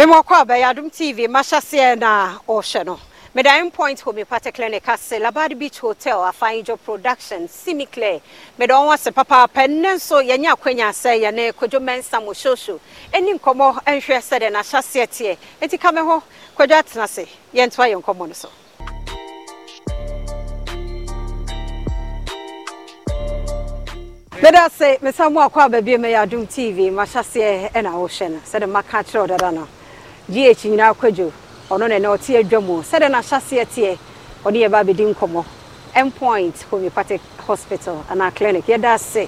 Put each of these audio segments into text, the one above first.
mema ɔkɔ a bɛyɛ adom tv mahyɛseɛ na ɔhwɛ no meda point home pate clinic ase labade beach hotel afanjo production simi clear meda ɔn ase papaapa nnɛ nso yɛnyɛ akwanya sɛ yɛne kwadwo mɛnsa mo hyoohyo ɛni nkɔmmɔ nhwɛ sɛ dɛ nahyɛseɛ teɛ ɛnti ka me ho kwadwo atena se yɛntoa yɛ nkɔmmɔ no so meda se mesa mu akɔ a baabi mɛyɛ adom tv mahyɛseɛ ɛna wohwɛ no sɛde maka kyerɛ wo dada no gh nyinaa kwadwo ɔno na ɛna ɔte adwa mu sɛdeɛ n'ahyɛseɛ teɛ ɔne yɛ ba abɛdi nkɔmmɔ mpoint homeopathic hospital ana clinic yɛda ase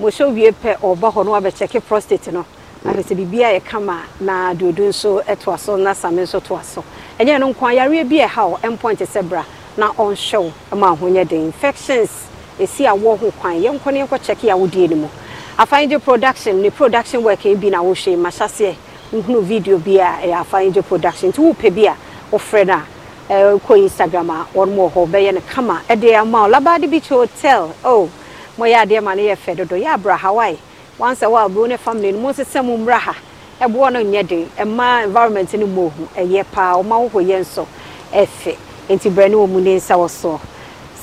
mohyɛ wie pɛ ɔba hɔ no abɛkyɛke prostate no ahwɛsɛ biribia yɛ kama na duodu nso toa so na same nso toa so ɛnyɛ no nko ayareɛ bi ɛha wo mpoint sɛ bra na ɔnhyɛ wo ma ahonyɛ den infections ɛsi a wɔ ho kwan yɛnkɔ ne yɛnkɔ kyɛke a wodie no mu afanye production ne production work bi na wohwɛ mahyɛseɛ nhunu video bi a ɛyɛ eh, afa ngye production nti wopɛ bi a wofrɛ no eh, a ɛkɔ instagram a wɔnom wɔ hɔ bɛyɛ no kama ɛde ama o labade beach hotel o oh, moyɛ adeɛ ma no yɛ fɛ dodo yɛ abra hawaii wansa wɔ aburo ne family no mo nsesɛ mo mmra ha ɛboɔ no nyɛ den ɛma environment no mu ohu ɛyɛ paa ɔma wohɔ yɛ nsɔ ɛfɛ nti brɛ ne wɔ mu ne nsa wɔ soɔ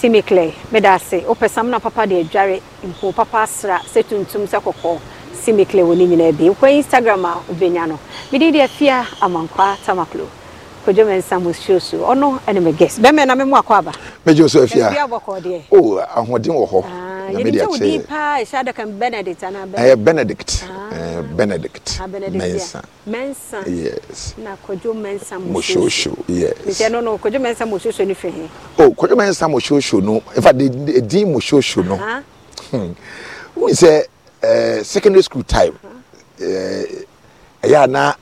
simiclay meda ase wopɛ sam na papa de adware mpo papa asra sɛ tuntum sɛ kɔkɔɔ simikle wɔ ne nyinaa bi wokɔ instagram a wobɛnya no mede deɛ fia amankwa tamaklo kɔdwo me nsa mosio so ɔno ɛne me guest bɛmɛ na memu akɔ aba mɛgye so afia o oh, ahoɔden wɔ hɔ ah, ɛyɛ benedict ɛyɛ benedict ah. benedict ah, mensa mensa yes na kɔdwo mensa mosio yes nti no no kɔdwo mensa mosio no fɛ he o oh, kɔdwo mensa mosio no in fact the din mosio no hmm. sɛ ɛɛ eh, secondary school time ɛɛ ɛyɛ a na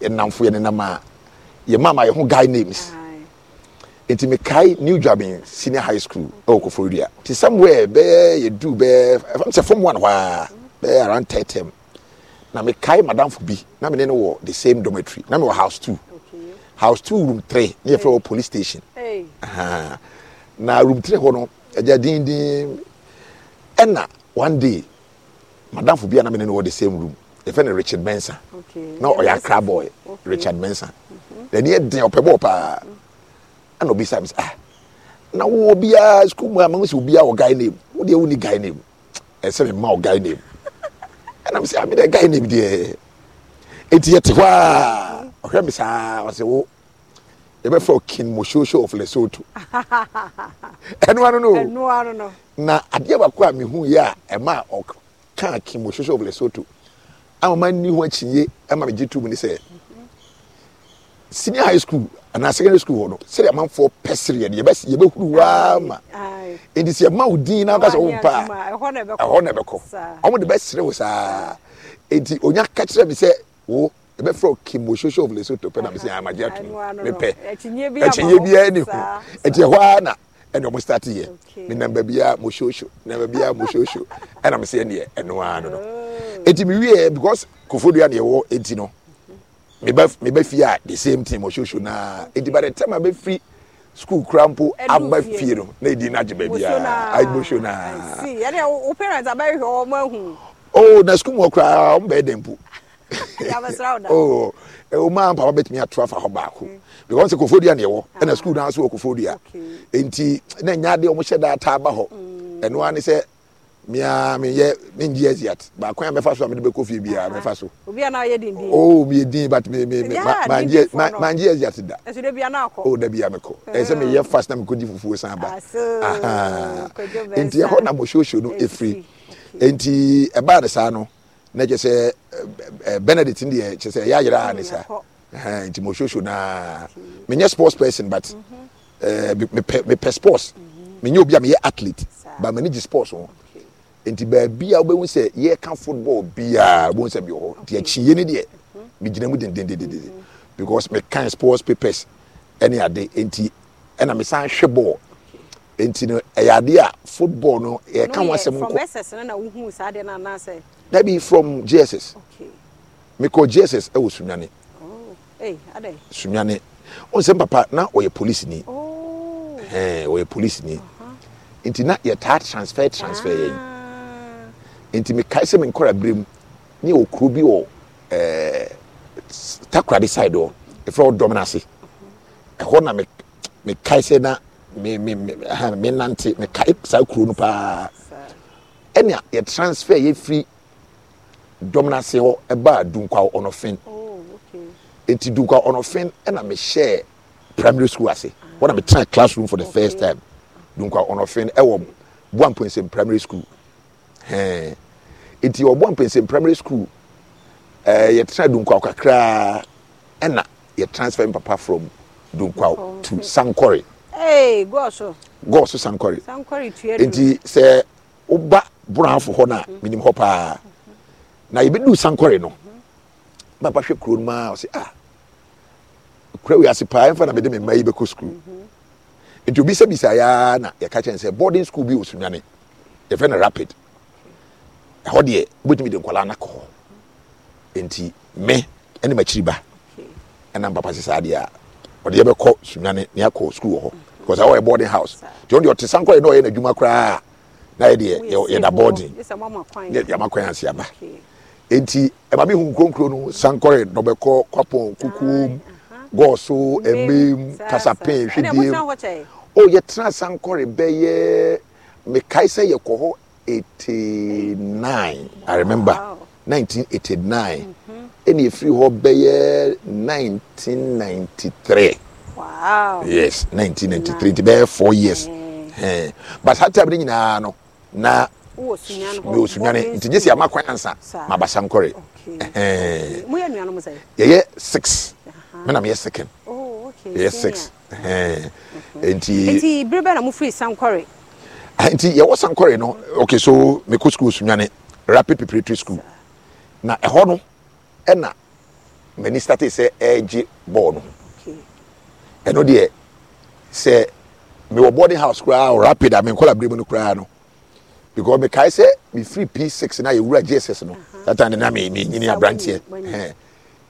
ɛnamfo yɛ nenam a yɛ maama yɛ ho guy names nti mekae new dwabin senior high school ɛwɔ oh, kofo dua ti somewhere bɛɛ yɛ du bɛɛ ɛfam sɛ form one hwaa bɛɛ around third term na mekae madamfo bi na mi ne no wɔ the same dormitory na mi wɔ house two house two room three ne yɛfrɛ wɔ police station hey. na room three hɔ no agya dindin ɛna one day madamfo bi a na mene no wɔ the same room yɛfɛ no richard benson okay. na ɔyɛ akra boy okay. richard benson n'ani mm-hmm. ɛden ɔpɛ bɔɔ paa ɛna obi sa mi sɛ ah na wo obiara sukuu mu a mahu sɛ obiara wɔ guy name wo deɛ ni guy name ɛsɛ mi ma wɔ guy name ɛna mi sɛ ami dɛ guy name deɛ eti yɛ te hɔ a ɔhwɛ mi saa ɔsɛ wo yɛbɛfɛ king moshoosho of lesotho ɛnu ano no na adeɛ baako a mi hu yɛ a ɛma ɔk kaa ki mu hwehwɛ wɔ lesotho ama ma nni ho akyinye ama megye to mu ne sɛ senior high school anaa secondary school hɔ no sɛdeɛ amanfoɔ pɛ sereɛ no yɛbɛhuru waa ma nti sɛ yɛma wo din na woka sɛ wo a ɛhɔ na ɛbɛkɔ ɔmode bɛsere wo saa nti onya ka kyerɛ me sɛ wo ɛbɛfrɛ wo kimososio of lesotho pɛ na mesɛ amagye ah, atom mepɛ akyinyeɛ biaa ne ho ɛnti ɛhɔ a na ɛna ɔmo start yɛ me nam baabi a mo shoosho nam baabi a mo shoosho ɛna mo sɛ ɛneɛ ɛno ara no no oh. eti mi wiɛ because kofodua na ɛwɔ eti no me ba me ba fie a the same thing mo shoosho naa eti by the time a bɛ firi school krampo aba fie no na edi na agye baabi a ayi mo show naa. yɛrɛ o parents abɛyɛ hwɛ ɔmo ehun. oh na school mu ɔkura ɔmo bɛɛ dɛmpo. yabasiraw da. Oh ɔmaa eh, mpaba bɛtumi ato afa hɔ baako mm. because sɛ kofodua ne ɛwɔ ah. ɛna sukuu naa so wɔ kofodua nti na nya adeɛ ɔmo hyɛ daa taa ba hɔ mm. ɛno ara ne sɛ mia meyɛ mengye asiat baako a mɛfa so a mede bɛkɔ fie biara ah. mɛfa so o meyɛ oh, din but mangye asiat da o oh, da bia mekɔ ɛɛ sɛ ah. meyɛ fast na mekɔgye fufuo san ba nti ɛhɔ na mɔhyohyo no ɛfiri nti ɛbaa ne saa no na kyɛ sɛ ɛɛ eh, eh, benedict deɛ kyɛ sɛ ɛyɛ ayera ne sa ɛhɛn nti mo soso naa me nyɛ sports person but mhm. eh, me pɛ me pɛ sports mhm. me nyɛ obi a me yɛ athlete but me ni gye sports ho nti baabi a wobɛhu sɛ yɛka football biaa wobɛhu sɛ bi wɔ hɔ nti akyiye ne deɛ mhm. megyina mu dendendendenden because me mekan sports papers ɛne ade nti ɛna mesan hwɛ ball nti no ɛyɛ ade a football no yɛka ho asɛm nkɔ that be from JSS. Okay. Me call JSS. Oh, Sunyani. Oh, hey, ade. Sunyani. On sem papa na oyɛ police ni. Oh. Eh, oyɛ police ni. -huh. Nti na yɛ transfer transfer yɛn. Ah. Nti me kae sɛ me nkɔra berem ne yɛ okuro bi wɔ ɛɛ side hɔ efra wɔ dɔm n'ase. Uh-huh. Ɛhɔ na me me kae sɛ na me me me me nante me kae saa kuro no paa. Ɛnna yɛ transfer yɛ dɔm n'ase hɔ ɛbaa dunkwa ɔnɔfin oh, eti dunkwa ɔnɔfin ɛna mi hyɛ primary school ase wɔn na mi tena classroom for the okay. first time dunkwa ɔnɔfin ɛwɔ buwa mpɛnsɛn primary school hɛn eti wɔ buwa primary school ɛɛ yɛtena dunkwa kakraa ɛna yɛ transfer mi papa from dunkwa oh, to okay. sankore. Hey, gɔɔso. gɔɔso sankore. sankore tuya do. eti sɛ ɔba buranfo hɔ na minim mm-hmm. hɔ paa. Mm -hmm na yɛbɛduu sankɔre no papa hwɛ kuro no maa ɔsɛ ah kura wi ase paa ɛmfa na mede me mma yi bɛkɔ sukuu nti obi sɛbisa yaa na yɛka kyɛn sɛ boarding school bi wɔ sunuane yɛfɛ no rapid ɛhɔ deɛ wobɛtumi de nkwadaa no nti me ɛne makyiri ba ɛnam papa sɛ saa deɛ a ɔde yɛbɛkɔ sunuane ne akɔ sukuu wɔ hɔ because ɛhɔ yɛ boarding house nti ɔno deɛ ɔte sankɔre na ɔyɛ n'adwuma koraa na yɛ deɛ yɛda boarding yɛma kwan ase aba nti ɛmaame hu nkuronkuro no sankɔre nɔbɛkɔ kwapɔn kukuom ah, gɔɔso ɛmɛm kasapen hwediem o oh, yɛtena sankɔre bɛyɛ mekae sɛ yɛkɔ hɔ eighty nine i remember nineteen eighty nine ɛna mhm. efiri e hɔ bɛyɛ nineteen ninety three yes nineteen ninety three ti bɛyɛ four years mm. but saa time no nyinaa no na mi o sunyane nti gyesi ama kwan ansa ma basa nkɔre yɛyɛ six mi na second oh, yɛyɛ six mhm. nti. nti bere bɛ na mo firi sankɔre. Ah, nti yɛwɔ sankɔre no okay so mi kɔ school sunyane rapid preparatory school na ɛhɔ no ɛna mani start sɛ ɛregye bɔɔl no ɛno deɛ sɛ mewɔ boarding house koraa rapid a menkɔla bere mu no koraa no because mekae sɛ mefiri p6 na yɛwura jss no That time na me me menyini aberanteɛ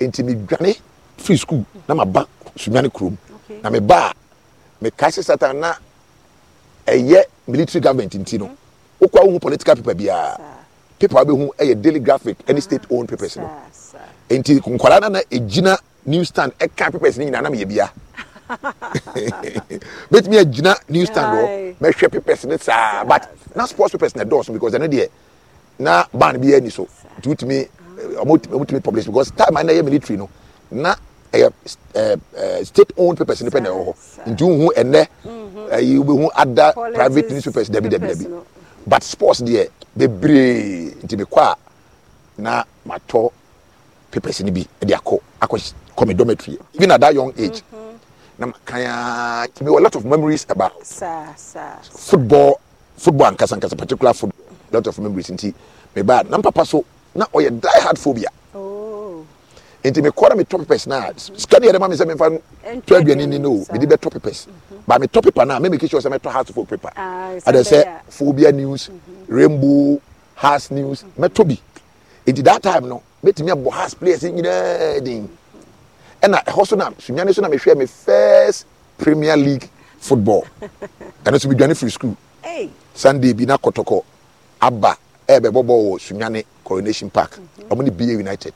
enti me medwane free school na ma ba sumane kurom na me ba me mekae sɛ satan na ɛyɛ military government enti no mhm. wokɔ a wohu political paper biara paper wobɛhu ɛyɛ daily graphic any ah, state owned paper no enti nkwara no na ɛgyina new stand ɛka paper ni nyinaa na meyɛ biaa bɛtumi agyina new stand hɔ mɛhwɛ papers ne saa but na sports papers na dɔɔso because ɛno deɛ na ban bi ni so nti wotumi ɔmotumi publish because time a na ɛyɛ military no na ɛyɛ state owned papers ne pɛ na ɛwɔ hɔ nti wohu ɛnɛ ɛyi wobɛhu ada private papers dabi dabi dabi but sports deɛ bebree nti mekɔ a na matɔ papers ne bi de akɔ akɔ kɔmi dormitory even at that young age. Mm na makaya nti mi wɔ lot of memories about sa, sa, sa. football football ankasa ankasa particular football lot of memories nti me ba Nam papa so na ɔyɛ die hard phobia oh. nti me kɔra me tɔ papers. na sika ni yɛrɛ ma mi sɛ mi nfa twelve yɛ ni no me di bɛ tɔ papers. Mm-hmm. ba me tɔ paper na me mi kisi wɔ sɛ mi tɔ hard phobia paper adɛ ah, sɛ phobia news mm -hmm. rainbow hard news mɛ mm -hmm. tobi nti that time no me ti mi abɔ hard players nyinaa den. Mm -hmm ɛna ɛhɔ so na sunyane so na mehwɛ me first premier league football ɛno nso medwane free school sunday bi na kɔtɔkɔ aba ɛbɛbɔ bɔɔl wɔ sunyane coronation park mhm. ɔmo ne ba united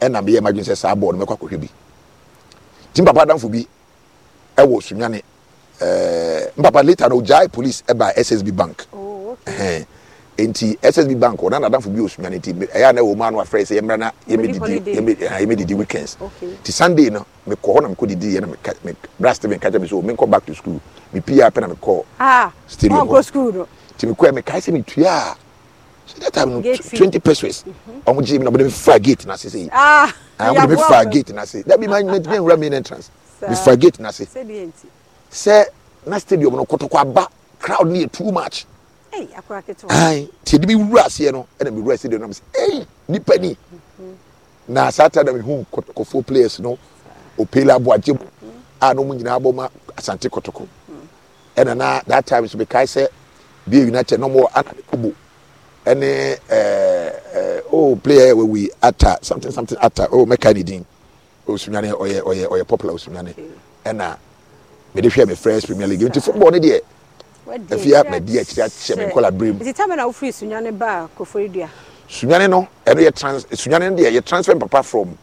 ɛna meyɛ madwene sɛ saa bɔɔl no mɛkɔ akɔhwɛ bi tim papa adamfo bi ɛwɔ sunyane ɛɛ mpapa later no ogyae police ɛba ssb bank Oh, okay nti ssb bank ɔna nadamfo bi osua no nti ɛyɛ a na ɛwɔ mu ano afrɛ sɛ yɛmmra na yɛmɛdidi weekends nti sunday no mekɔ hɔ na mekɔ didi yɛ na bra steven ka kyɛ me sɛ menkɔ back to school mepia pɛ na mekɔ ah, stadium hɔ nti mekɔɛ mekae sɛ metua a so that time twenty pesos mm-hmm. ɔmo gye mi na ɔmode mefa gate na ase sɛ yi ah, ah, ɔmode mefa gate na ase dabi ma menwura main entrance mefa gate na ase sɛ na stadium no kɔtɔkɔ aba crowd ni yɛ too much nti ɛde mi wura aseɛ no ɛna e mi wura aseɛ de nam sɛ ɛyi nipa ni na saa ta na mi hu kɔfo players no opele abo agye mu a na ɔmo nyinaa abɔ ma asante kɔtɔkɔ ɛna e na that time so bekae sɛ bia united na ɔmo wɔ ana kobo ɛne ɛɛ ɛɛ o player wɔ wi ata something something ata o oh, mɛka ne din osunyane ɔyɛ ɔyɛ ɔyɛ popular osunyane ɛna e mɛ de hwɛ mɛ first premier league nti football ne deɛ ɛfi a madi akyiri akyɛ me nkɔla berɛ mu tita me na wofiri sunyane ba a kɔfɔri dua sunyane no ɛno yɛ trans sunyane no deɛ yɛ transfer papa from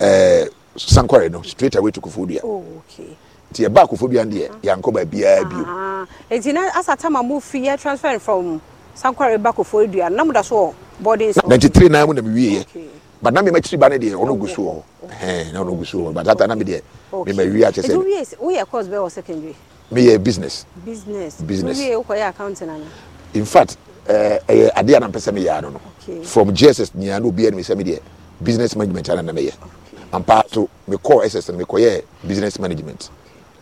ɛɛ eh, sankɔre no straight away to kɔfɔri dua nti oh, yɛba e akɔfɔri dua no deɛ uh-huh. yɛankɔ baabiara bio nti uh-huh. eh, na asa ma mo fi yɛ transfer from sankɔre ba kɔfɔri dua na mo da so wɔ boarding school ninety three nan mu na mi wie yɛ but na mi ma kyiri ba ne deɛ ɔno oh, gu so wɔ hɛn eh, na ɔno gu so wɔ but that time na mi deɛ mi ma wie akyɛ sɛ. etu wie yɛ course bɛɛ wɔ secondary. meyɛ business business business wie wokɔyɛ account na in fact ɛyɛ adeɛ a na mpɛ sɛ meyɛ ano no from gss nyinaa na obiaa no me sɛ medeɛ business management ana na meyɛ ampa so mekɔɔ ss no mekɔyɛ business management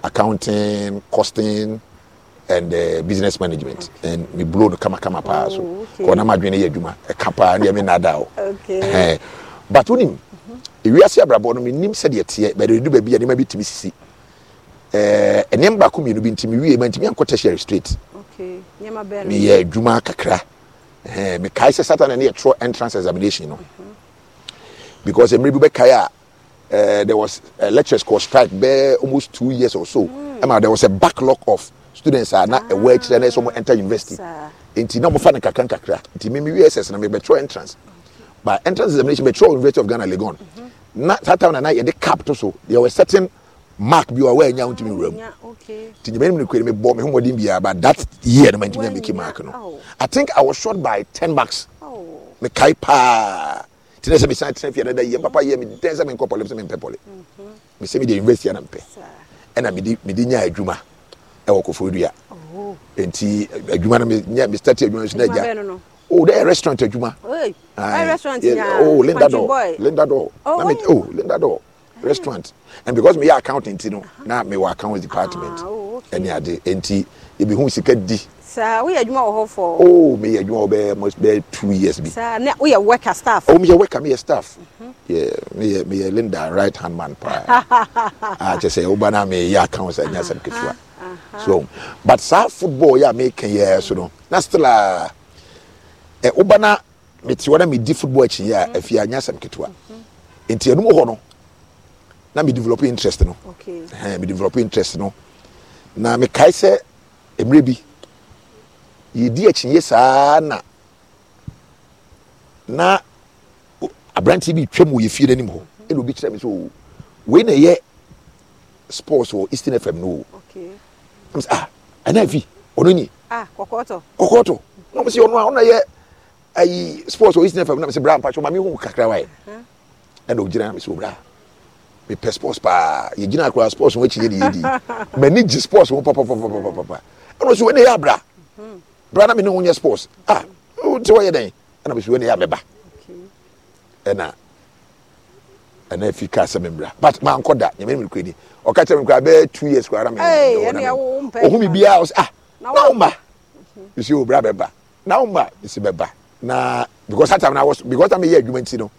accounting costing and uh, business management okay. and me blow no kamakama paa so oh, kɔ na madwene yɛ adwuma ɛka e paa ne ɛme nada o eh. but wonim mm-hmm. ewiase abrabɔ no menim sɛdeɛ teɛ bɛde du baabi a nneɛma bi tumi sisi ɛɛ eh, eh, nneɛma baako mmienu bi nti mi wie ma nti mi ankɔ tertiary straight mi yɛ adwuma kakra ɛɛ eh, mi kae sɛ saturday ne yɛ trɔ entrance examination no mhm. because mmiri bi bɛ kae a there was uh, lectures called strike bɛɛ almost two years or so mm. ɛma there was a backlog of students a na ɛwɔ akyirɛ na ɛsɛ wɔn enter university ah, nti na wɔn fa ne kakra nkakra nti mi mi wie ss na mi bɛ trɔ entrance but entrance examination bɛ trɔ university of ghana legon mhm. na saturday na yɛde cap to so there were certain mark bi wa wa nya ntumi wura mu ti nyɛ mɛnum ne kure mi bɔ mi ho mɔden bi but that year no ma ntumi na mi ki mark no oh. i think i was short by ten marks oh. mi kae paa ti ne sɛ mi san tena fie dada yie papa yie mi den sɛ mi nkɔ pɔlɛ mi sɛ mi mm-hmm. mpɛ pɔlɛ mi sɛ mi de university na mpɛ ɛna mi de mi de nya adwuma ɛwɔ kofo dua oh. nti adwuma no mi nya mi start adwuma no so na gya oh there restaurant adwuma oh linda dɔ linda dɔ oh linda dɔ restaurant and because me yɛ accountant no na me wɔ account department ɛne ade nti ebi hu sika di. saa woyɛ adwuma wɔ hɔ for. Oh, me yɛ adwuma wɔ bɛɛ most bɛɛ two years bi. saa ne woyɛ worker staff. Oh, me yɛ worker me yɛ staff. Mm-hmm. yɛ me yɛ me yɛ linda right hand man paa a ah, kyɛ sɛ o oh, ba na me yɛ account sɛ n yɛ sɛm ketewa so but saa football yɛ a me kɛ yɛ so no na still aa uh, ɛ eh, o oh, ba na me te hɔ na me di football akyi yɛ a efi a n yɛ sɛm ketewa nti ɛnum wɔ hɔ no na me develop interest no okay. eh, me develop interest no na mekae sɛ mmerɛ bi yɛdi akyinnye saa na na aberante bi twam wɔ yɛfie no anim hɔ mm-hmm. ɛna obi kyerɛ me sɛ o oh, wei na ɛyɛ sports wɔ eastern fm no oh. o ah ɛna afi ɔno ni ah, kɔkɔɔtɔ kɔkɔɔtɔ na ɔmo si ɔno a ɔno yɛ ayi sports wɔ eastern fm na mo sɛ bra mpatwɔ maame hu kakra wa yɛ uh-huh. ɛna ogyina na mo sɛ obra oh, mepɛ sports paa yɛgyina akora sports ho akyinyɛ ne yɛdi m'ani gye sports ho papapapapapa ɛna so wɛne yɛ abra bra na mene wo nyɛ sports a ah, wote wɔyɛ dɛn ɛna meso wɛne yɛ amɛba ɛna ɛna afi kaa sɛ membra but mankɔ da nyamene mene kurani ɔka kyerɛ me koraa bɛyɛ two years koraa na meɔhu me biaa wɔ sɛ ah na womba mesi wo bra bɛba na womba mesi bɛba na because that time na because that time yɛ adwuma nti no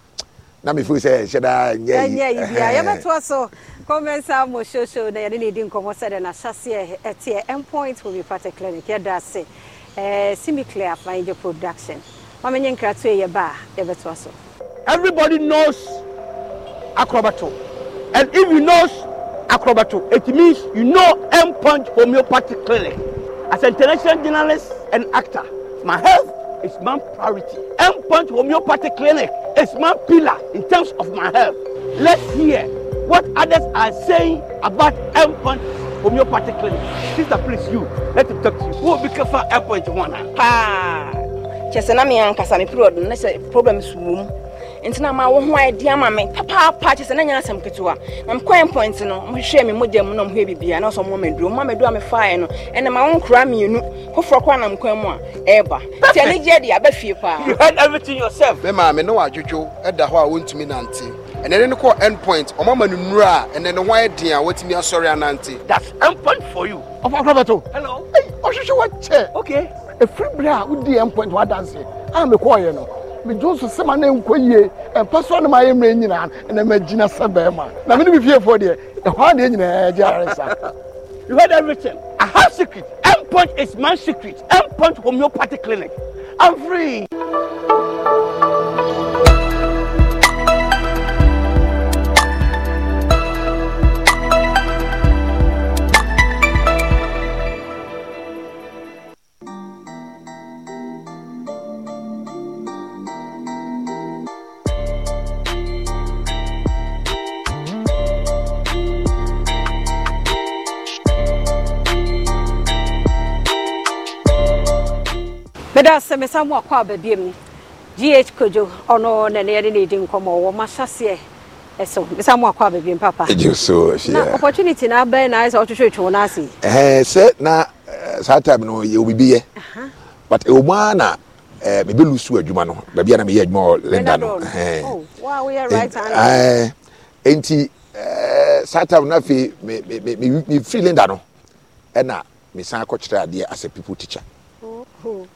Eh. na mefiri sɛ ɛhyɛ daa ɛnyɛ yi yɛbɛtoa so kɔmɛnsa mo shosho na yɛne ne ɛdi nkɔmmɔ sɛdeɛ nahyɛseɛ ɛteɛ mpoint homeopathy clinic yɛda ase eh, simiclear fangye production mamenye nkrato yɛba a yɛbɛtoa so everybody knows acrobato and if you knows acrobato it means you know mpoint homeopathic clinic as an international journalist and actor my health is my priority. Endpoint Homeopathy Clinic is my pillar in terms of my health. Let's hear what others are saying about Endpoint Homeopathy Clinic. Sister, please, you, let him talk to you. Who will be careful Endpoint one? Ha! Kyɛ sɛ me ankasa me period no problems wɔ nti na ma wo ho ade ama me papaapa kyɛ na nya asɛm ketewa na mekɔɛ point no mohwehwɛ me mogya mu na mohwɛ biribia na ɔsɛ moma maduro moma maduro a mefaeɛ no ɛnɛ ma wo nkora mmienu foforɔ kora nam kwan mu a ɛɛba nti ɛne gye de aba fie paa me maame ne wadwodwo ɛda hɔ a wɔntumi nante ɛnɛ ne kɔ end point ɔma ma no nnura ɛnɛ ne ho ayɛ den a watumi asɔre anante that's end point for you ɔfɔkɔbɛto hello ɔhwehwɛ wɔ kyɛ okay ɛfiri berɛ a wodii end point wadanse a mekɔɔyɛ no mejo so sema na nkɔ yie ɛmpɛ so ne mayɛ mmerɛ nyinaa ɛna magyina sɛ bɛrima na mene mefiefoɔ deɛ ɛhɔ deɛ nyinaa agye are sa You heard everything. I have secret. M point is my secret. M point homeopathic clinic. I'm free. da sɛ mesa mu akɔ ababiem gh kojo ɔno na ne yɛne ne ɛdi nkɔmmɔ ɔwɔ mahyɛseɛ ɛso mesa mu akɔ ababiem papa na opportunity na abɛn na ayɛ sɛ ɔtwetwetwe wo no ase sɛ na eh, eh, saa time no yɛ obibiyɛ but ɛwɔ eh, mu a na mebɛlu so adwuma no baabi a na meyɛ adwuma wɔ lenda no enti saa time no afei mefiri lenda no ɛna mesan akɔkyerɛ adeɛ as a people teacher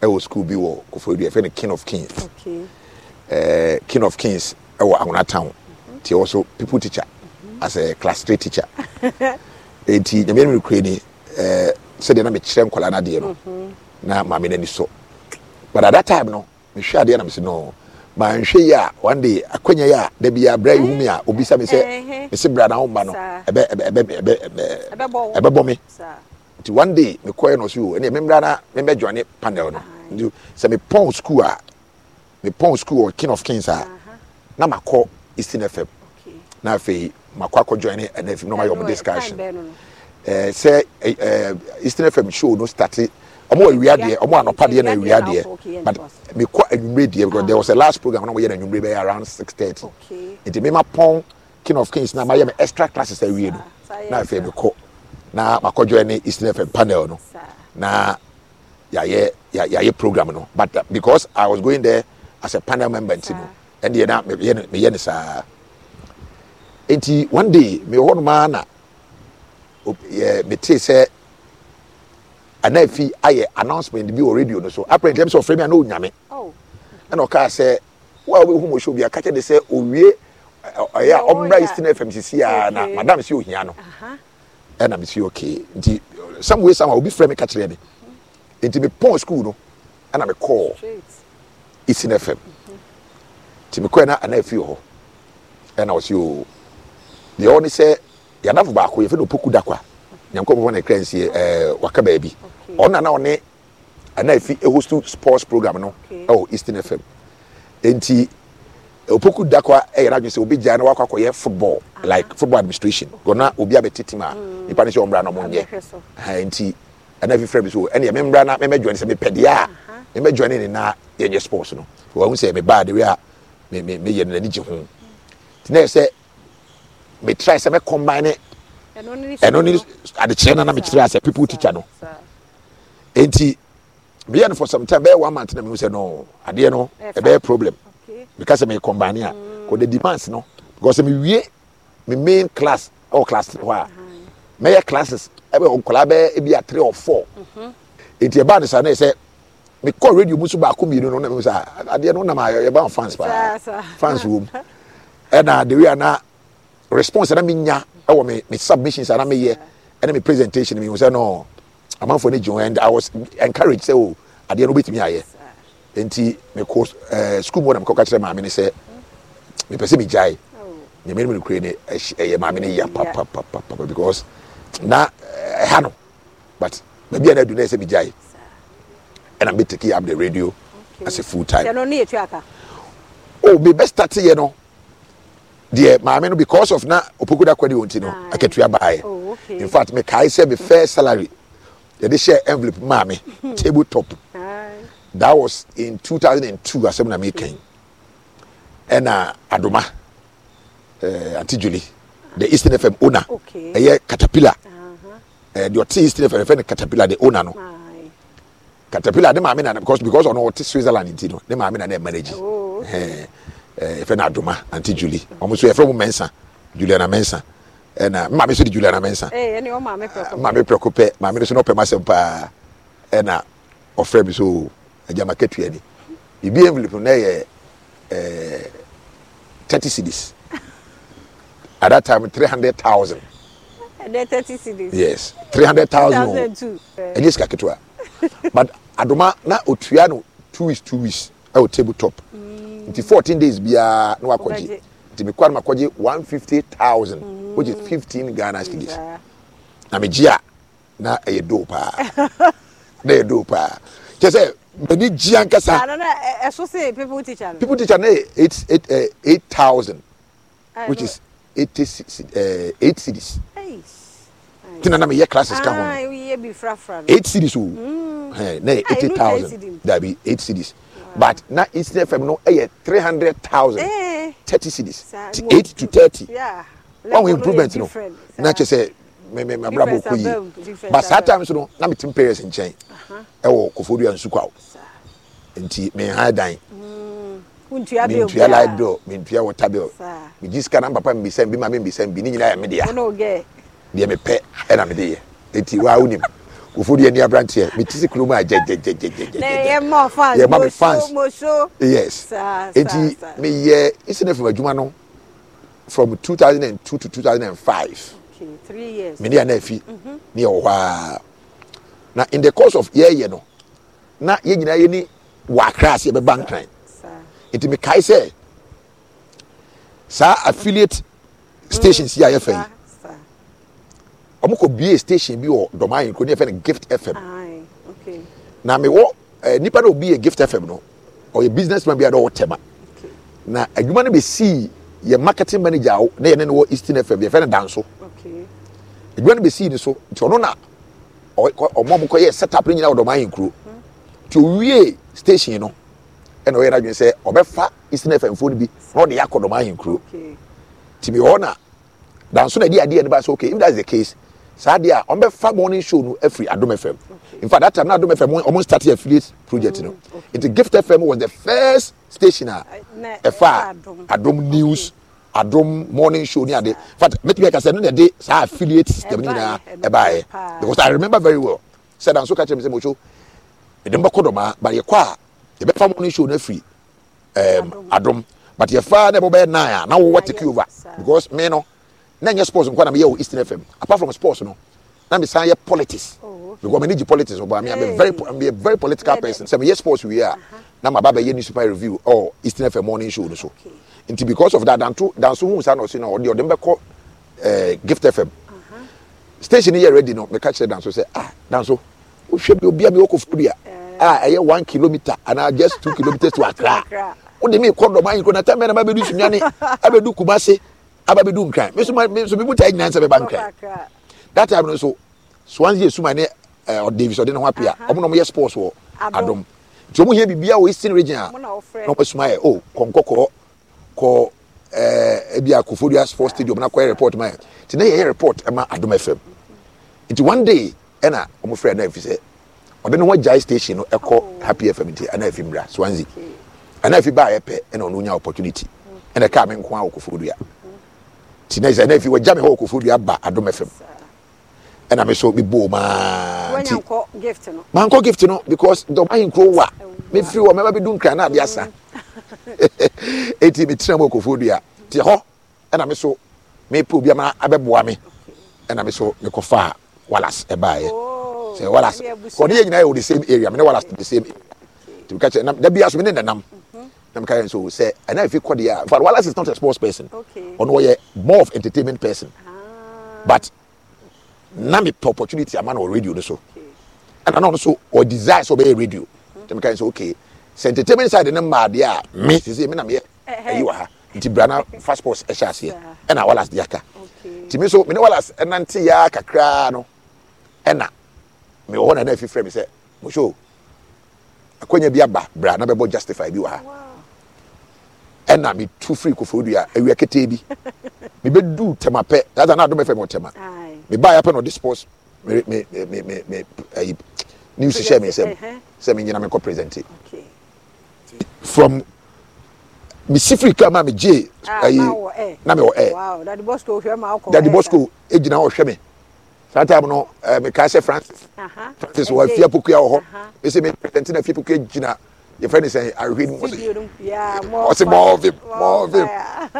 ɛwɔ school bi wɔ kofoedu yɛfɛ no king of kings okay. king of kings ɛwɔ ahona town nti mhm. ɛwɔ so people teacher mhm. as a class three teacher nti nyamea no mekura ni sɛdeɛ na mekyerɛ nkɔla no adeɛ no na maame no ani sɔ but at that time no mehwɛ adeɛ na mese no manhwɛ yi a one day akwanya yi a da bi abira yi hu mi a obi sa mi sɛ eh, eh, eh. mesi bra na ahoma no ɛbɛ ɛbɛ ɛbɛ ɛbɛ ɛbɛ ɛbɛbɔ mi nti one day mekɔɛ no so ɛne memmra na membɛdwane panel no nti sɛ mepɔn school a mepɔn school ɔ king of kings a na makɔ eastern fm na afei makɔ akɔjoin ne ɛna fim na ɔmayɛ ɔmo discussion sɛ eastern fm show no starte ɔmo wɔ awia deɛ ɔmo anɔpa deɛ na awia deɛ but mekɔ anwummerɛ deɛ because there was a ah. last program na wɔyɛ no anwummerɛ bɛyɛ around six thirty nti mema pɔn king of kings na mayɛ me extra classes awie no ah, na afei mekɔ na makɔdwo ne eastern fm panel no na yɛayɛ yɛayɛ program no but uh, because i was going there as a panel member nti no ɛndeɛ na meyɛ ne saa nti one day mewɔ hɔ nomaa na metee sɛ ana afi ayɛ announcement bi wɔ radio no so apparently ɛm sɛ ɔfrɛ mi ana onyame oh. ɛna ɔkaa sɛ wo a wobɛhu mɔhyɛ obi aka kyɛ de sɛ owie ɛyɛ a ɔmmra eastern fm sisi a na madam sɛ ohia no uh -huh ɛna mi si okay nti some way somehow obi frɛ mi kakyere mi nti mi pɔn school no ɛna mi kɔɔ isin fm nti mi kɔɛ na ana efi hɔ ɛna ɔsi o oh. deɛ ɔwɔ ni sɛ yanafo baako yɛfɛ no poku dakwa nyankɔ pɔpɔ na ekura nsi ɛɛ eh, waka baabi ɔna na ɔne ana efi ehostu sports program no ɛwɔ isin fm nti opoku da kɔ eh, ɛyɛrɛ adwene sɛ obi gyaa na wakɔ akɔyɛ football ah. like football administration gɔna obi abɛte team a hmm. nipa ne sɛ ɔmbra na ɔmo nyɛ nti ɛna fifira bi so ɛna yɛ mbra na mɛmɛ join sɛ mepɛ a mɛmɛ join ne na yɛnyɛ sports no wɔn sɛ mɛ baa de wia mɛ mɛ mɛ yɛ no n'ani gye ho hmm. ti na yɛ sɛ mɛ try sɛ mɛ combine ɛno ne adekyerɛ na na mɛ kyerɛ asɛ people teacher no nti mɛ yɛ no for some time bɛyɛ one month na mɛ mu sɛ no adeɛ no ɛbɛyɛ problem because me combine a ko the demands no because me wie me main class or class hɔ a classes ɛbɛ nkɔla bɛ ebi a three or four eti ɛbaa ne sa ne sɛ me kɔ radio mu so baako mmienu no na mi sa adeɛ no nam ayɛ yɛba fans paa fans wɔ mu ɛna the way na response na mi nya ɛwɔ me me submissions ana mi yɛ And mi presentation mi n sɛ no amanfo ne jɔn and i was encouraged Say, oh, adeɛ no bɛ tumi ayɛ nti mekɔ ɛɛ sukuu mu na mekɔ kakyere maame ne sɛ mepɛ sɛ megyae oh. nyame no mekure ne eh, ɛyɛ maame ne ya papapapapa because na eh, ɛha no but baabi a na adu na ɛsɛ megyae ɛna meteki up the radio as a full time oh mebɛ start yɛ no deɛ maame no because of na opoku da kwadi wɔn ti no akatua baayɛ oh, in fact mekae sɛ me fair salary yɛde hyɛ envelope maame table top that was in 2002 asɛm na mekan ɛna adoma uh, eh, anti julie the eastern fm owner ɛyɛ okay. caterpillar deɛ uh-huh. eh, ɔte eastern fm fɛ no caterpillar the owner no caterpillar ne maame na because because ɔno ɔte switzerland nti no ne maame na ne manage oh, yɛfɛ eh, no adoma anti julie ɔmo nso yɛfrɛ mo mensa juliana mensa ɛna maame nso de juliana mensa maame prɛko pɛ maame no so na ɔpɛ ma asɛm paa ɛna ɔfrɛ bi so agyama ketewa ni bibi envelope no yɛ ɛɛ thirty cedis at that time three hundred thousand. ɛnɛ thirty cedis. yes three hundred thousand two. o ɛnyɛ sika ketewa but adoma na otua no two weeks two weeks ɛwɔ table top mm. nti fourteen days biara na wakɔgye nti mi kɔ anam akɔgye one fifty thousand mm. which is fifteen ghana cedis na mi gye a na ɛyɛ dow paa na ɛyɛ dow paa kyɛ sɛ mani gye ankasa. ɛso se people teacher no. people teacher no yɛ eight eight uh, eight thousand which is eighty six uh, eight series. tina na mi yɛ classes ka ho no eight cities. o na yɛ eighty thousand dabi eight cities. but na eastern fm no ɛyɛ three hundred thousand thirty cities. eight to thirty wɔn wɔ improvement no na kyerɛ sɛ mɛmɛ mɛ abúlé abó kó yie but saa time so no na mi ti parents nkyɛn ɛwɔ kofoduya nsukwa o nti menha dan mm. mentua light bill mentua water bill megye sika na mpapa mbisɛm bi ma membisɛm bi ne nyinaa yɛ medea deɛ mepɛ ɛna mede yɛ ɛnti waa wonim ofori ani aberanteɛ mete se kurom a gyɛgyɛgyɛgyɛgyɛma me fans yes enti meyɛ incident from adwuma no from 2002 to 2005 mene a na afi mhm. ne yɛwɔ hɔ a na in the course of yɛɛyɛ no na yɛn nyinaa yɛni wɔ akra ase ɛbɛba nkran nti mekae sɛ saa affiliate stations yi a yɛfa yi wɔn mm-hmm. kɔ bie station bi wɔ dɔmayin kuro ne yɛfɛ no gift fm Aye, okay. na mewɔ eh, nipa na obi yɛ gift fm no ɔyɛ business man bi a dɔwɔ tɛma okay. na adwuma no bɛ sii yɛ marketing manager awo ne yɛ ne no wɔ eastern fm yɛfɛ no danso okay. adwuma no bɛ sii ne so nti ɔno na ɔmo a mo kɔ yɛ set up ne nyinaa wɔ dɔmayin kuro mm-hmm. nti owie station you no know, ɛna ɔyɛ n'adwene sɛ ɔbɛfa eastern fm fo no bi na ɔde yɛ akɔ dɔm ahen kuro tìmí hɔ na danso na ɛdi adeɛ no ba so okay if that is the case saa adeɛ a ɔbɛfa morning show no afiri adom fm okay. in fact that time na adom fm ɔmo start affiliate project mm, no okay. nti gift fm was the first station a ɛfa adom news adom morning show ni ade in fact mɛtumi ɛka sɛ ɛno na ɛde saa affiliate system nyinaa ɛbaayɛ because i remember very well sɛ danso ka kyerɛ mi sɛ mo so yɛde mo bɛkɔ dɔmaa but yɛkɔ a yɛbɛfa mo no show no afiri ɛɛm um, adom but yɛfa na ɛbɛbɛyɛ nine a na wowɔ take over because me no na nyɛ sports nkɔ na meyɛ wɔ eastern fm apart from sports no na me san yɛ politics oh, because mene gye politics ɔbɔ me am very I'm a very political person sɛ meyɛ sports wie a uh-huh. na maba bɛyɛ ne super review ɔ eastern fm morning show no so nti because of that danto danso hu saa na ɔse na ɔde ɔde mbɛkɔ ɛɛ eh, gift fm uh-huh. station yɛ ready no meka kyerɛ danso sɛ ah danso wohwɛ bi obi a mi wɔ kɔ furu a a ɛyɛ one kilometre I just two kilometres to akra wode mi kɔ dɔm ayi nkona tɛmɛ na ma bɛdu sunyane abɛdu kumase ababɛdu nkran mi so ma mi so mi mu ta nyinaa nsɛ bɛba nkran that time no so swansea esuma ne ɛ eh, davis ɔde ne ho apia ɔmo na ɔmo yɛ sports wɔ adom nti ɔmo yɛ biribi a wɔ eastern region a na ɔmo esuma yɛ o oh, kɔnkɔkɔrɔ kɔ ɛɛ eh, ebi a kofodua sports stadium na kɔ yɛ report ma yɛ nti ne yɛ yɛ report ɛma adom fm nti one day ɛna ɔmo fɛ na efi sɛ ɔde ne ho agyae station no oh. ɛkɔ happy fm nti ɛna afi mmra swansea ɛna afi baa yɛpɛ ɛna ɔno nya opportunity ɛna mm. ɛkaa me nko a wɔkɔforo dua nti na ɛna afi wɔgya me hɔ wɔkɔforo dua ba adom fm ɛna me so mebɔɔ maa nti mankɔ gift no because dɔm ahe nkuro wo a mefiri wɔ mɛba bɛdu nkra no ade asa ɛti metena mu wɔkɔforo dua nti hɔ ɛna me so mepɛ obi ama abɛboa me ɛna me so mekɔfaa wallace ɛbaeɛ sɛ wala ɔne yɛ nyinaa yɛ wɔ the same area mene wala the same to catch na da bia so mene nenam na mka so sɛ ɛna if kɔ deɛ for wala is not a sports person ɔno ɔyɛ more of entertainment person ah. but na me opportunity a ama na radio no so ɛna na ɔno so ɔdesire sɛ ɔbɛyɛ radio mm-hmm. na mka so okay sɛ entertainment side ne mmaa deɛ a me sisi me na meyɛ ayi wɔ ha nti bra na fa sports ɛhyɛ aseɛ ɛna wala de aka nti me so mene wala ɛnante yɛ kakraa no ɛna mi wɔ hɔ na na efi frɛ mi sɛ mo akonya bi aba bra na bɛbɔ justify bi wɔ ha ɛna mi tu firi kofor dua ewia ketee bi mi bɛ du tɛma pɛ yàtọ̀ náà dɔm efɛ mi wɔ tɛma mi ba yà pɛ na ɔdi sports mi mi mi mi mi ɛyi news hyɛ mi nsɛm sɛ mi nyina mi kɔ presente from mi si firi kaa ma mi gye ɛyi na mi wɔ ɛ dadi bosco egyina hɔ hwɛ mi saa time no ɛɛ eh, mika sɛ francis francis wɔ fia pokua wɔ hɔ esi mi pɛtɛnti na fia pokua gyina yɛfɛ ne sɛ ahwehwɛ ni mu ɔsi ɔsi more of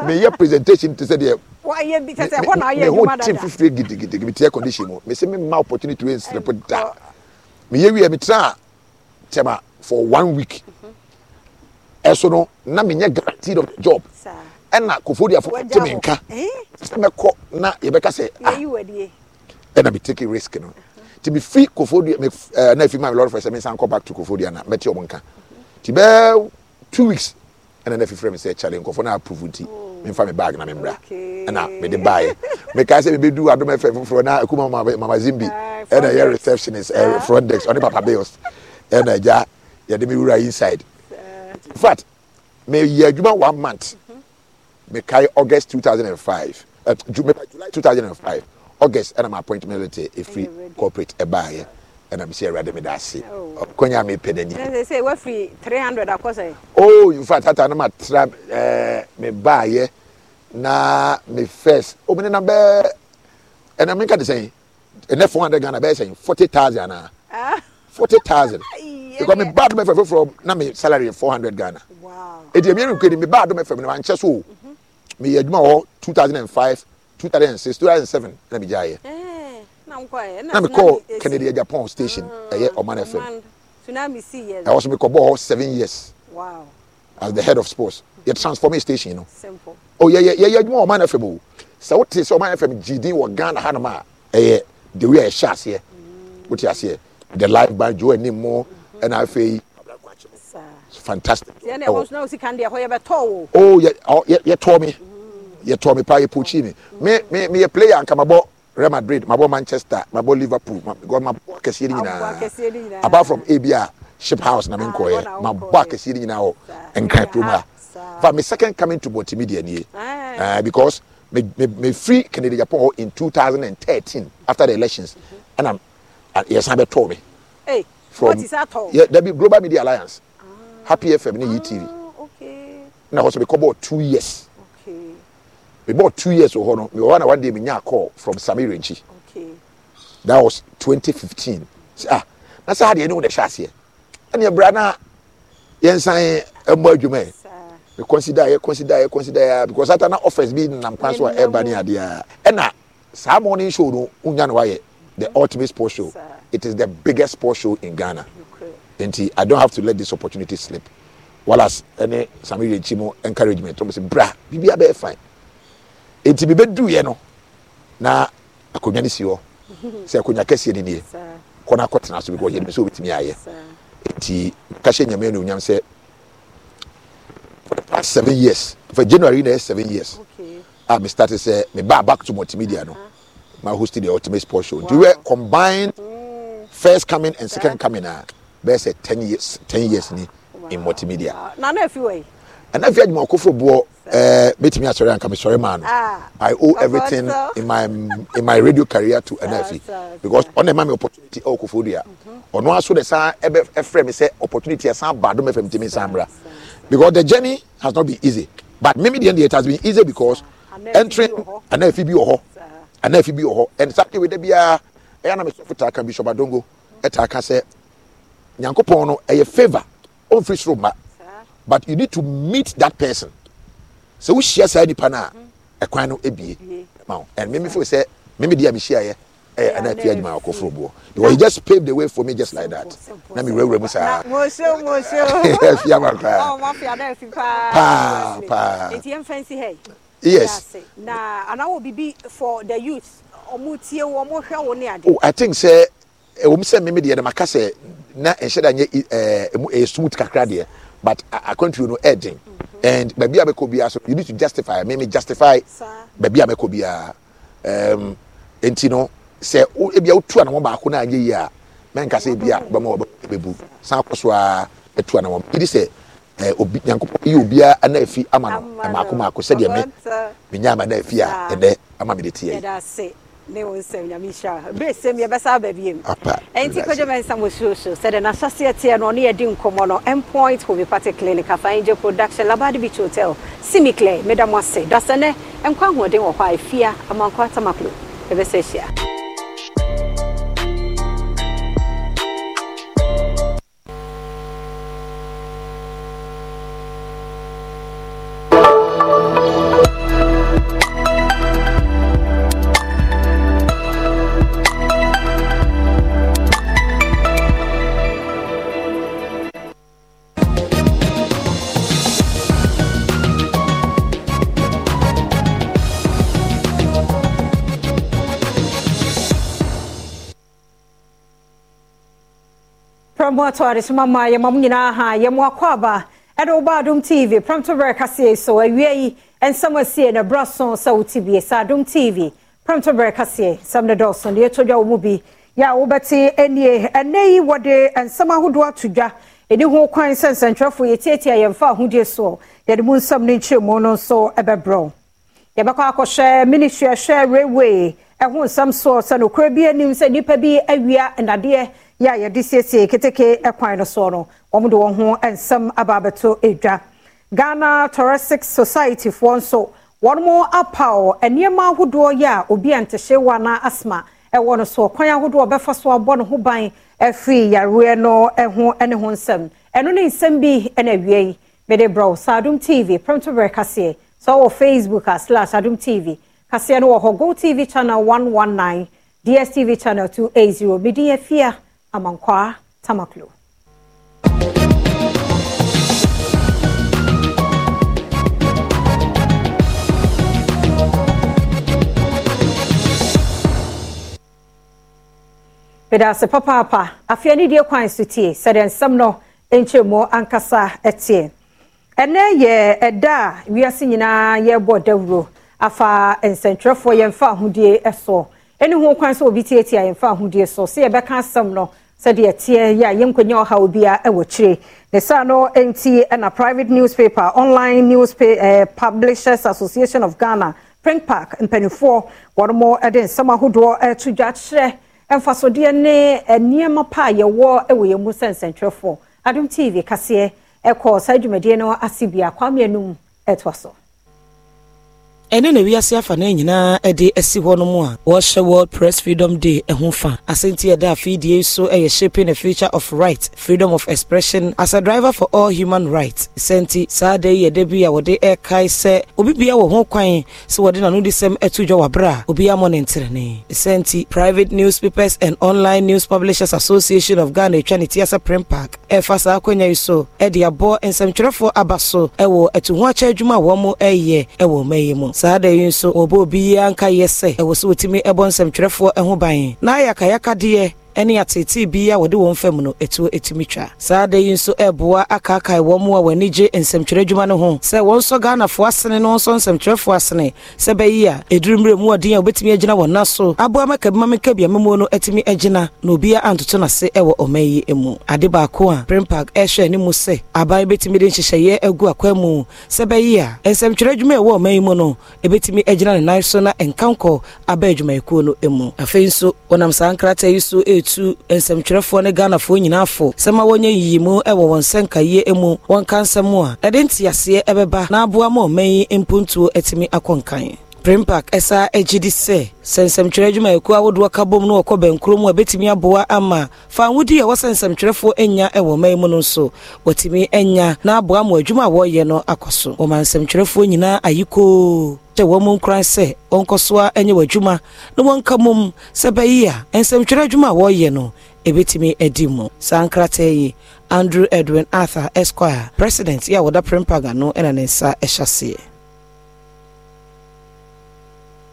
mi yɛ presentation ti sɛ deɛ mi ho team fifiri gidigidi mi ti yɛ condition mu mi sɛ mi ma opportunity wey n sere po da mi yɛ wiɛ mi tena tɛma for one week mhm. ɛso no na mi nyɛ guaranteed of the job ɛna kofodiafo ti mi nka eh? sɛ mɛ kɔ na yɛ bɛ ka sɛ ah ɛna mi take risk no ti mi fi kofodua mi ɛɛ eh, na efi maa mi lɔri fɛ sɛ mi nsan kɔ back to kofodua na mɛ ti ɔmo nka ti bɛɛ eh, two weeks ɛna na efi fira mi sɛ kyale nkɔfo na approve ti oh, mi nfa mi bag na mi mra ɛna mi de baa yɛ mi ka sɛ mi bi du adum ɛfɛ foforɔ na ekuma mama zimbi ɛna yɛ receptionist ɛɛ eh, ah. front desk ɔne papa bills ɛna ɛgya yɛde mi wura inside in fact mi yɛ adwuma one month mi mm-hmm. ka august two thousand and five ɛɛ july two thousand and five august ɛna ma appointment letter efiri corporate ɛbaayɛ ɛna mi si awurade mi da ase kɔnya mi pɛ n'ani. ɛsɛ sɛ wafiri three hundred akɔsɛ. Eh? oh in fact tata ne ma tra ɛɛ mi baayɛ na mi first omi nina bɛɛ ɛna mi ka de sɛn ɛnɛ four hundred ghana bɛɛ sɛn forty thousand ana ah. ah. forty thousand because mi ba dɔm ɛfɛ foforɔ na mi salary yɛ four hundred ghana ah. edi emi yɛn mi nkiri mi ba dɔm ɛfɛ mi na ma n kyɛ so mi yɛ adwuma wɔ two thousand and five two thousand and two thousand seven na mi gya eh, yɛ na mi kɔ kennedy japan station ɛyɛ ɔman fm ɛwɔ so mi kɔ bɔ hɔ seven years wow. as the head of sports yɛ transforming station no o yɛ yɛ yɛ yɛ adwuma ɔman fm o sɛ o ti sɛ ɔman fm gidi wɔ ghana hanom a ɛyɛ the way a ɛhyɛ aseɛ o ti aseɛ the live band jo ɛni mu ɛna afei fantastic. yɛn ni ɛwɔ nso na o si kan deɛ ɛhɔ yɛ bɛ tɔɔ o. o mi yɛtɔ me paa yɛpɔkyi me me me meyɛ player anka mabɔ real madrid mabɔ manchester mabɔ liverpool mabɔ akɛseɛ no nyinaa apart from ebi ship house na menkɔɛ ah, mabɔ akɛseɛ no nyinaa hɔ nkran kurom a ah, fa me second coming to bɔtimi deɛ nie uh, because me me me free kennedy japan hɔ in two thousand and thirteen after the elections ɛna mm-hmm. yɛsan bɛtɔɔ me from yɛ dabi global media alliance happy fm ne yi tv na hɔ so mekɔbɔɔ two years mebɔɔ two years wɔ hɔ no mewɔ hɔ na one day menya call from samir nkyi okay. that was 2015 ah na sɛ adeɛ ne wo na ɛhyɛ aseɛ ɛne ɛbra na yɛnsan ɛmmɔ adwuma ɛ me consider yɛ consider yɛ consider yɛ ah, because ata na office bi nam kwan so a ɛba ne adeɛ a ɛna saa morning show no wonya no wayɛ the mm. ultimate sports show Sir. it is the biggest sports show in ghana nti i don't have to let this opportunity slip wallace ɛne sami yɛ nkyi mu encouragement ɔmo sɛ bra biribi abɛɛ fine eti mi bɛ no na akonnwa ne si hɔ sɛ akonnwa kɛseɛ ne nie kɔ na akɔtena so because yɛnim sɛ obɛtumi ayɛ eti ka hyɛ nyame no onyam sɛ seven years for january na yɛ seven years okay. a me start sɛ me ba back to multimedia no uh-huh. ma host the ultimate sports show nti wow. wɛ combined first coming and second coming a bɛyɛ sɛ ten years ten years ni in multimedia. Wow. na na efi wɔ yi ɛna afei adwuma ɔkofo boɔ ɛɛ betumi asɔre anka mesɔre maa no i owe everything in my in my radio career to ɛna afei because ɔna ɛma mi opportunity ɛwɔ kofo dua ɔno aso de san ɛbɛ ɛfrɛ mi sɛ opportunity ɛsan ba do mɛfɛ mi ti mi san mura because the journey has not been easy but mímí deɛ deɛ it has been easy because ah, entering ɛna afi bi wɔ hɔ ɛna afi bi wɔ hɔ and saturday wɛdɛ biara ɛyɛ anam esɔfo taa ka bishop adongo ɛtaa mm-hmm. ka sɛ nyankopɔn no eh, ɛyɛ favour ɔnfiri soro ma but you need to meet that person sɛ wohyia saa nipa no mm-hmm. a ɛkwan no ebie mm-hmm. ma wo and mimi fo sɛ mimi deɛ mehyia yɛ ɛyɛ eh, ana atua adwuma akɔforo boɔ he just paved the way for me just like that Let me wurawura mu saa afia ma koraa paa yes na anawo bibi for the youth ɔmo tie wo ɔmo hwɛ wo ne ade oh i think sɛ ɛwɔ eh, mu sɛ mimi deɛ eh, no maka sɛ na nhyɛ da nyɛ ɛɛ smooth kakra but akwantuo no ɛden and baabi a mɛkɔ biara so you need to justify me me justify baabi uh, um, oh, a mɛkɔ biara um, nti no sɛ ebi a wotu anamɔ baako na anyɛ yie a mɛnkasa ebi uh, a bɛma wɔbɛ bɛbu san kɔ so a ɛtu anamɔ yiri sɛ ɛɛ obi nyankopɔ yi obiara ana efi ama no ɛmaako maako sɛdeɛ mɛ mɛ nya ama na efi a ɛnɛ ama mi de ti yɛ ne wo nsɛm nyame hyira berɛ sɛm yɛbɛsa ba biem ɛnti kɔgye mɛnsa mɔsuosuo sɛde n'ahyɛseɛ teɛ no ɔne yɛdi nkɔmmɔ no mpoint homeopathic clinic afaengye production labade beach hotel simiclɛ meda mo ase da sɛ nɛ nkwa ahoɔden wɔ hɔ a ɛfia amankɔ atamaplo yɛbɛsɛ hyia mo ato adesoma ma yɛma mo nyinaa ha yɛmo akɔ aba ɛde woba adom tv pramto berɛ kaseɛ so awia yi ɛnsɛm asie na bra so sɛ wote bie sɛ adom tv pramto berɛ kaseɛ sɛm ne dɔɔso ne yɛtɔ dwa wɔ mu bi yɛ a wobɛte ɛnie ɛnɛ yi wɔde nsɛm ahodoɔ ato dwa ɛni ho kwan sɛ nsɛntwerɛfoɔ yɛtiatia yɛmfa ahodie soɔ yɛde mu nsɛm no nkyerɛmu no nso ɛbɛbrɛw yɛbɛkɔ akɔhwɛ ministry ɛhwɛ railway ɛho nsɛm soɔ sɛ nokorɛ bi anim sɛ nnipa bi awia e nnadeɛ e e. yɛ a yɛde siesie keteke eh, kwan no soɔ no wɔn de wɔn ho eh, nsɛm aba abɛto edwa eh, ghana thoracic society foɔ nso wɔn apaw nneɛma ahodoɔ yɛ a obi a ntɛhyɛwa na asma ɛwɔ no soɔ kwan ahodoɔ ɔbɛfa so abɔ ne ho ban afiri yareɛ no ho ne ho nsɛm ɛno ne nsɛm bi na awie yi mede brɛ wo tv prɛmto berɛ kaseɛ sɛ wɔ facebook a slash adom tv kaseɛ no wɔ hɔ go tv channel 119 dstv channel 280 medeyɛ fia Amankwaa Tamaklo. medase papaapa afei ne deɛ kwan so tie sɛdeɛ nsɛm no nkyerɛmu ankasa teɛ ɛnɛ yɛ ɛda a wiase nyinaa yɛrebɔ dawuro afa nsɛntwerɛfoɔ yɛmfa ahodie soɔ ɛne ho kwan sɛ obi tiatia yɛmfa ahodeɛ so sɛ yɛbɛka asɛm no sɛdeɛ ɛteɛ yɛ a yɛnkwanya ɔha obia ɛwɔ kyire ne saa no nti ɛna private newspaper online newspaper eh, publishers association of ghana print park mpanimfoɔ wɔn mo de nsɛm ahodoɔ ɛto eh, dwa kyerɛ mfasodeɛ ne eh, nneɛma pa a yɛwɔ wɔ yɛn mu sɛ nsɛntwerɛfoɔ tv kaseɛ ɛkɔ saa dwumadie no ase bia kwame anum ɛtoa so ɛne na wiase afa no nyinaa ɛde asi hɔ no a wɔhyɛ world press freedom day ɛho fa asɛnti ɛda afidie so ɛyɛ shaping the future of right freedom of expression as a driver for all human rights sɛnti saa da yi yɛda bi a wɔde ɛkae sɛ obi bia wɔ ho kwan sɛ wɔde n'ano de dwa w'abrɛ a obi amɔ ne nterene sɛnti private newspapers and online news publishers association of ghana atwa ne ti asa print park ɛfa saa akɔnya yi so ɛde abɔ nsɛmtwerɛfoɔ aba so ɛwɔ ɛto ho akyɛ adwuma a wɔn ɛyɛ ɛwɔ ɔma yi mu saa da yi nso wɔbɔ obi yi anka yɛ sɛ ɛwɔ sɛ wɔtumi ɛbɔ nsɛmtwerɛfoɔ ho ban na ayɛakayaka deɛ ne atete bi a wɔde wɔn fam no etuo etumi twa saa da yi nso ɛboa akaakae wɔn a wɔani gye nsɛmtwerɛ adwuma no ho sɛ wɔn nso ghanafoɔ asene no nso nsɛmtwerɛfoɔ asene sɛ bɛyi a eduru mmerɛ mu ɔden a wɔbɛtumi agyina wɔn nan so aboa maka bi meka bi eh, no atumi agyina na obiara antoto n'ase ɛwɔ ɔman yi mu ade baako a primpag ɛhwɛ anim sɛ aban bɛtumi de nhyehyɛeɛ agu akwa mu sɛ bɛyi a nsɛmtwerɛ adwuma ɛwɔ ɔman yi mu no ebɛtumi agyina ne nan so na nkankɔ aba adwumayɛkuo no eh, mu afei nso wɔnam saa nkrataa yi so etu nsɛmtwerɛfoɔ ne ghanafoɔ nyinaa fo sɛ ma wɔnyɛ yiyimu ɛwɔ wɔn nsɛnkaeɛ mu wɔnka nsɛm a ɛde nteaseɛ ɛbɛba na aboa ma ɔman yi mpontuo atumi akɔ nkan primpark ɛsa agye di sɛ sɛ nsɛmtwerɛ adwumayɛkuo ahodoɔ ka bom no wɔkɔ bɛnkuro a ɛbɛtumi aboa ama fa nwodi a ɛwɔ sɛ nsɛmtwerɛfoɔ anya ɛwɔ man mu no nso wɔtumi anya na aboa ma adwuma a wɔreyɛ no akɔ so wɔma nsɛmtwerɛfoɔ nyinaa ayikoo kyɛ wɔn mu nkoran sɛ wɔnkɔ so a ɛnyɛ w'adwuma na wɔnka mom sɛ bɛyi a nsɛmtwerɛ adwuma a wɔreyɛ no ɛbɛtumi adi mu saa nkrataa yi andrew edwin arthur esquire president yi a wɔda primpaga no ɛna ne nsa ɛhyɛ aseɛ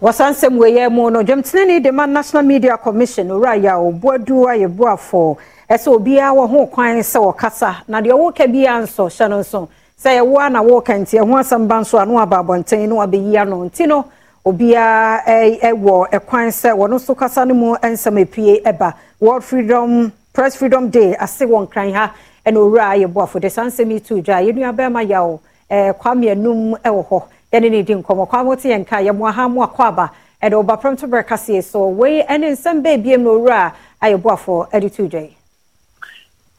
wɔsansɛm wɔyɛ mu no dwamtenani de ma national media commission owura yɛ a ɔboadu ayɛboafoɔ ɛsɛ obiara wɔ ho kwan sɛ wɔkasa na deɛ ɔwoka biara nsɔ hyɛ no nso sɛ yɛwoa na wɔka nti ɛho asɛm ba nso a no aba abɔnten no abɛyi ano nti no obiara ɛwɔ eh, eh, ɛkwan eh, sɛ wɔn nso kasa no mu nsɛm epie ɛba world freedom press freedom day ase wɔn kran ha ɛna owura ayɛboafoɔ de sansɛm yi to dwa yɛnua yɛ a ɛɛ kwame anum hɔ yɛne ne di nkɔmmɔ kwan mo te yɛn ka yɛmmoa ha mo akɔ aba ɛde ɔba prɔmto berɛ kaseɛ so wei ɛne nsɛm bɛɛ biem no owura a ayɛboafoɔ ɛde to dwa yi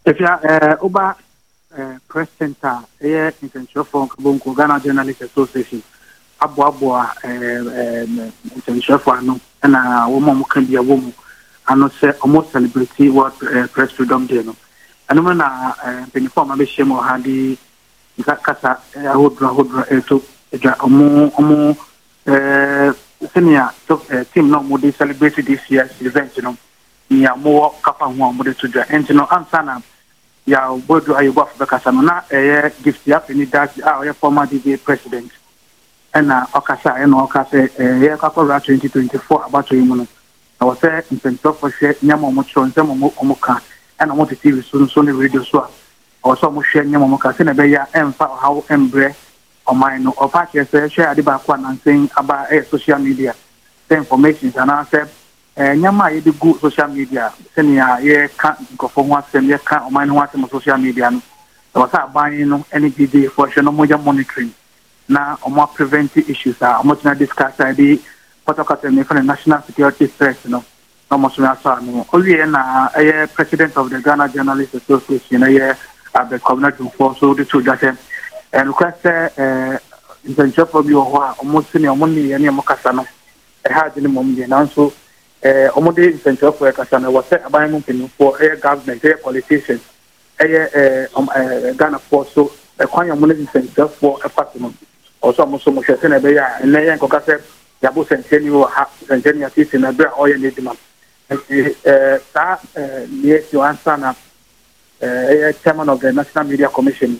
ɛfia woba press center ɛyɛ nsɛnkyerɛfoɔ nkabɔnko ghana journalist association aboaboa uh, um, nsɛnkyerɛfoɔ ano ɛna wɔma mo ka bi a mu ano sɛ ɔmo celebrate world uh, press freedom day no ɛnom na uh, mpanyinfoɔ a ma bɛhyia mu ɔha de kasa ahodoɔ ahodoɔ ɛto ọmụ ɔmo ɔmo ɛɛ sɛnea team na ɔmo de celebrate this year's event no nea ɔmo wɔ kapa ho a ɔmo de to dwa nọ ansana na yà ɔbɔ do ayébɔ afɔbɛkasa ya na ɛyɛ gift a ɔyɛ former dba president ɛna ɔkasa ɛna ɔkasa twenty twenty four mu na wɔsɛ mpɛntɛfoɔ hwɛ nyɛma ɔmo kyerɛ nsɛm ka so nso so a ka ɔman no ɔfa kyerɛ sɛ ɛhwɛ ade baako a nansen aba social media sɛ information anaasɛ eh, nneɛma a yɛde gu social media sɛnea yɛka nkurɔfoɔ ho asɛm yɛka ɔman no ho asɛm social media no na sɛ aban no ne gyidiefoɔ hwɛ monitoring na ɔmo prevent issues a ɔmo tena discuss a yɛde kɔtɔkɔtɔ ne fɛn national security threat no na ɔmo so asɔ ano na president of the ghana journalist association na so de to dwa nokora sɛ nsɛnkyerɛfoɔ bi wɔ hɔ a ɔmo se ɔmo nneyɛ ne ɔmo kasa no ɛha eh, agye ne mmom deɛ nanso eh, ɔmo de nsɛnkyerɛfoɔ ɛkasa no ɛwɔ sɛ aban mu mpanyinfoɔ ɛyɛ government ɛyɛ politicians ɛyɛ eh, ghanafoɔ so ɛkwan yɛ ɔmo ne nsɛnkyerɛfoɔ ɛfa so no ɔsɔ ɔmo so mo hwɛ sɛ na ɛbɛyɛ a ɛnɛ yɛ nkɔka sɛ yabo sɛnkyerɛni wɔ ha sɛnkyerɛni asisi na ɛbɛrɛ media commission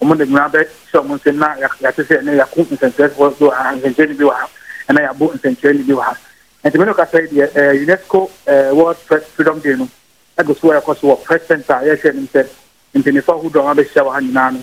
wɔn de nyinaa bɛ hyɛ wɔn nsam na yɛate sɛ ɛnɛ yɛako nsɛnkyerɛfoɔ so ah, nsɛnkyerɛni bi wɔ ha ɛnɛ yɛabo nsɛnkyerɛni bi wɔ ha nti mene kasa yi deɛ eh, ɛɛ eh, unesco ɛɛ eh, world press freedom day no ɛgo so yɛkɔ so wɔ press center a e yɛhwɛ no sɛ mpanyinfoɔ ahodoɔ a wɔabɛhyia wɔ ha nyinaa no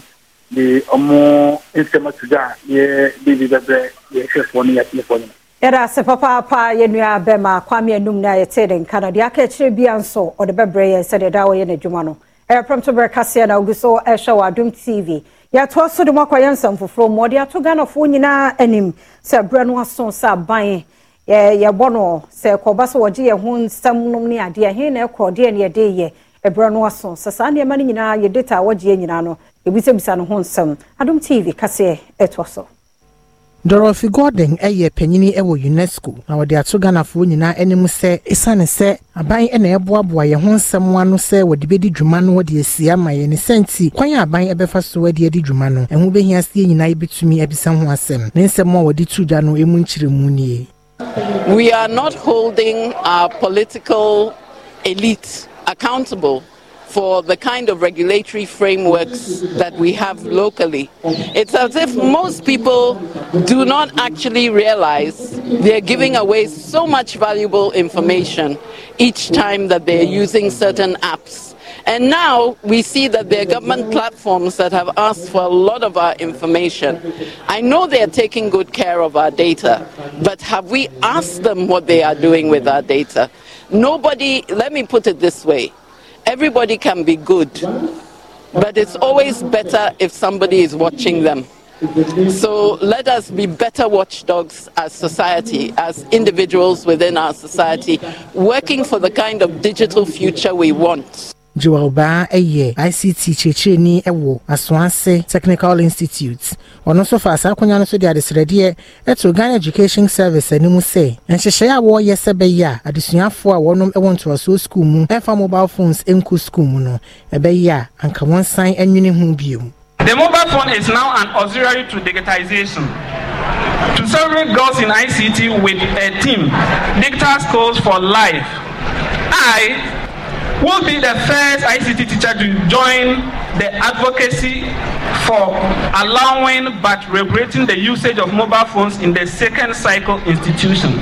de wɔn nsɛm ato dwa a yɛ de bi bɛbrɛ yɛhwɛfoɔ no yɛatefoɔ no yɛda ase papaapa yɛnua bɛma kwame anum no a yɛtee nka no deɛ aka akyerɛ bia nso ɔde bɛbrɛ yɛ sɛdeɛ daa wɔyɛ n'adwuma no ɛprɛmto berɛ kaseɛ na ogu so ɛhwɛ wɔ adom tv yɛtoa so de mu akɔyɛ nsɛm foforɔ mu ɔde ato ghanafoɔ nyinaa anim sɛ berɛ no aso sɛ aban yɛbɔ no sɛ kɔba sɛ wɔgye yɛ ho nsɛm nom ne adeɛ he na ɛkɔ deɛ ne yɛde yɛ ɛberɛ e no aso sɛ saa nneɛma no nyinaa e yɛ data a wɔgyeɛ nyinaa no yɛbisabisa no ho nsɛm adom tv kaseɛ ɛtoa so dorothy gordon yɛ panyini wɔ unesco na wɔde ato ghanafoɔ nyinaa anim sɛ esiane sɛ aban na ɛboaboa yɛn ho nsɛm ano sɛ wɔde bɛdi dwuma no wɔde asi ama yɛn ne sɛnti kwan a aban bɛfa so wɔde adi dwuma no ɛho bɛhia seɛ nyinaa yɛbɛtumi abisa ho asɛm ne nsɛm a wɔde to dwa no mu nkyerɛmu nie We are not holding our political elite accountable for the kind of regulatory frameworks that we have locally. It's as if most people do not actually realize they're giving away so much valuable information each time that they're using certain apps. And now we see that there are government platforms that have asked for a lot of our information. I know they are taking good care of our data, but have we asked them what they are doing with our data? Nobody, let me put it this way Everybody can be good, but it's always better if somebody is watching them. So let us be better watchdogs as society, as individuals within our society, working for the kind of digital future we want. joel baa yɛ ict kyerɛkyerɛni wɔ asoase technical institute ɔno nso fa saa akonnwa no so de adesrɛdeɛ to ghana education service anim sɛ nhyehyɛe a wɔreyɛ sɛ bɛyɛ a adesuafoɔ a wɔnom wɔ ntoasoɔ skuul mu mfa mobile phones nku skuul mu no ɛbɛyɛ a anka wɔn san anwene ho bio The mobile phone is now an auxiliary to digitization. To serving girls in ICT with a team, Digital Schools for Life. I will be the first ICT teacher to join the advocacy for allowing but regulating the usage of mobile phones in the second cycle institution.